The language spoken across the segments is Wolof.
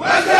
wa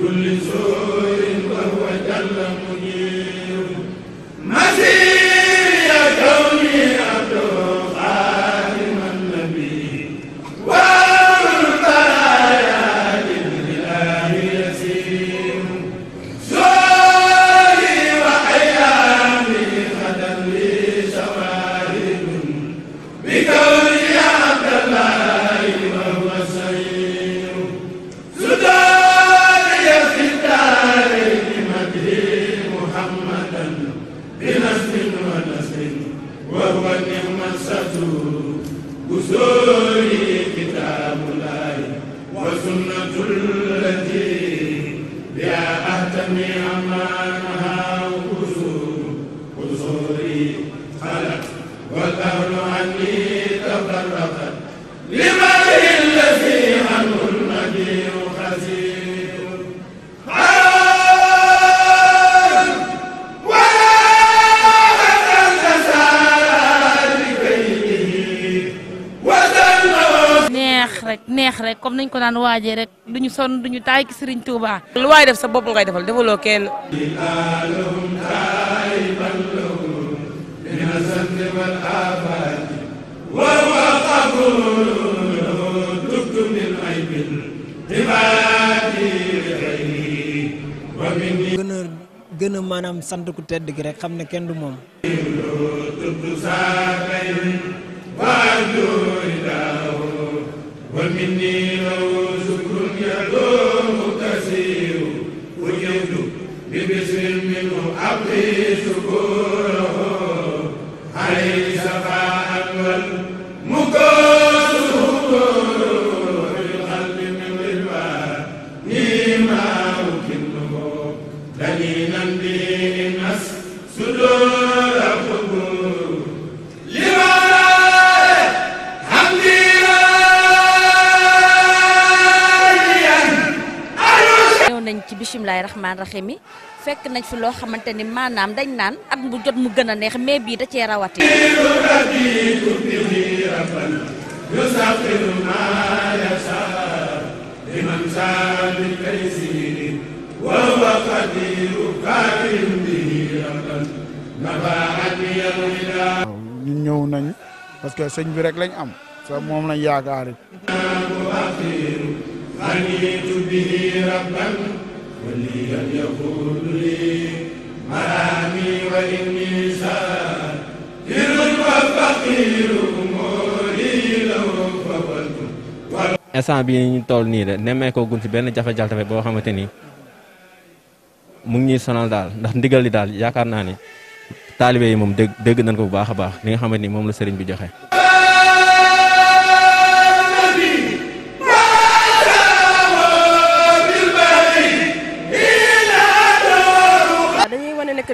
كل سوء وهو جل منير ونعمسة بسور كتاب الله وسنة التي بها أهتمي أمانها وقصور قصوري خلق والأهل عني تفرقت لمن neex rek comme nañ ko daan waajee rek duñu sonn duñu taay ki Serigne Touba. lu waay def sa bopp ngay defal defaloo kenn. gën a gën a maanaam sant ku tedd gi rek xam ne kenn du moom. tudd saa ومني لو شكر يدوم كثير وجدت ببسر منه أبغي شكوره عليه شفاعة والمكاسر في القلب من غلبان ما أمكنه دليلا به الناس سدود nañ ci bisimilahi rahmaani rahim mi fekk nañ fi loo xamante ni maanaam dañ naan at bu jot mu gën a neex mais bii da cee rawati ñu ñëw nañ parce que sëñ bi rek lañ am sa moom lañ yaakaari أنيت به ربا وليا يقول لي مرامي وإني سائر وفقير أموري له فولت instant bii ñu toll nii de nemmeekoo gun si benn jafe-jafe boo xamante ni mu ngi ñuy sonal daal ndax ndigal li daal yaakaar naa ni taalibe yi moom dégg dégg nañ ko bu baax a baax li nga xamante ni moom la sëriñ bi joxe.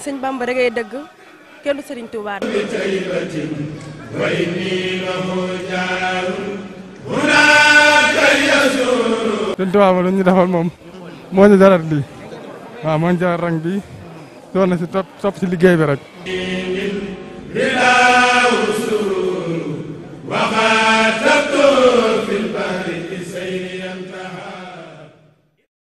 li sëñ Bamba rek ay dëgg kenn du sëriñ Touba. sëñ Touba ma lu ñu defal moom moo ñu jaral lii waaw moo ñu jaral rang bi doon na si topp topp si liggéey bi rek.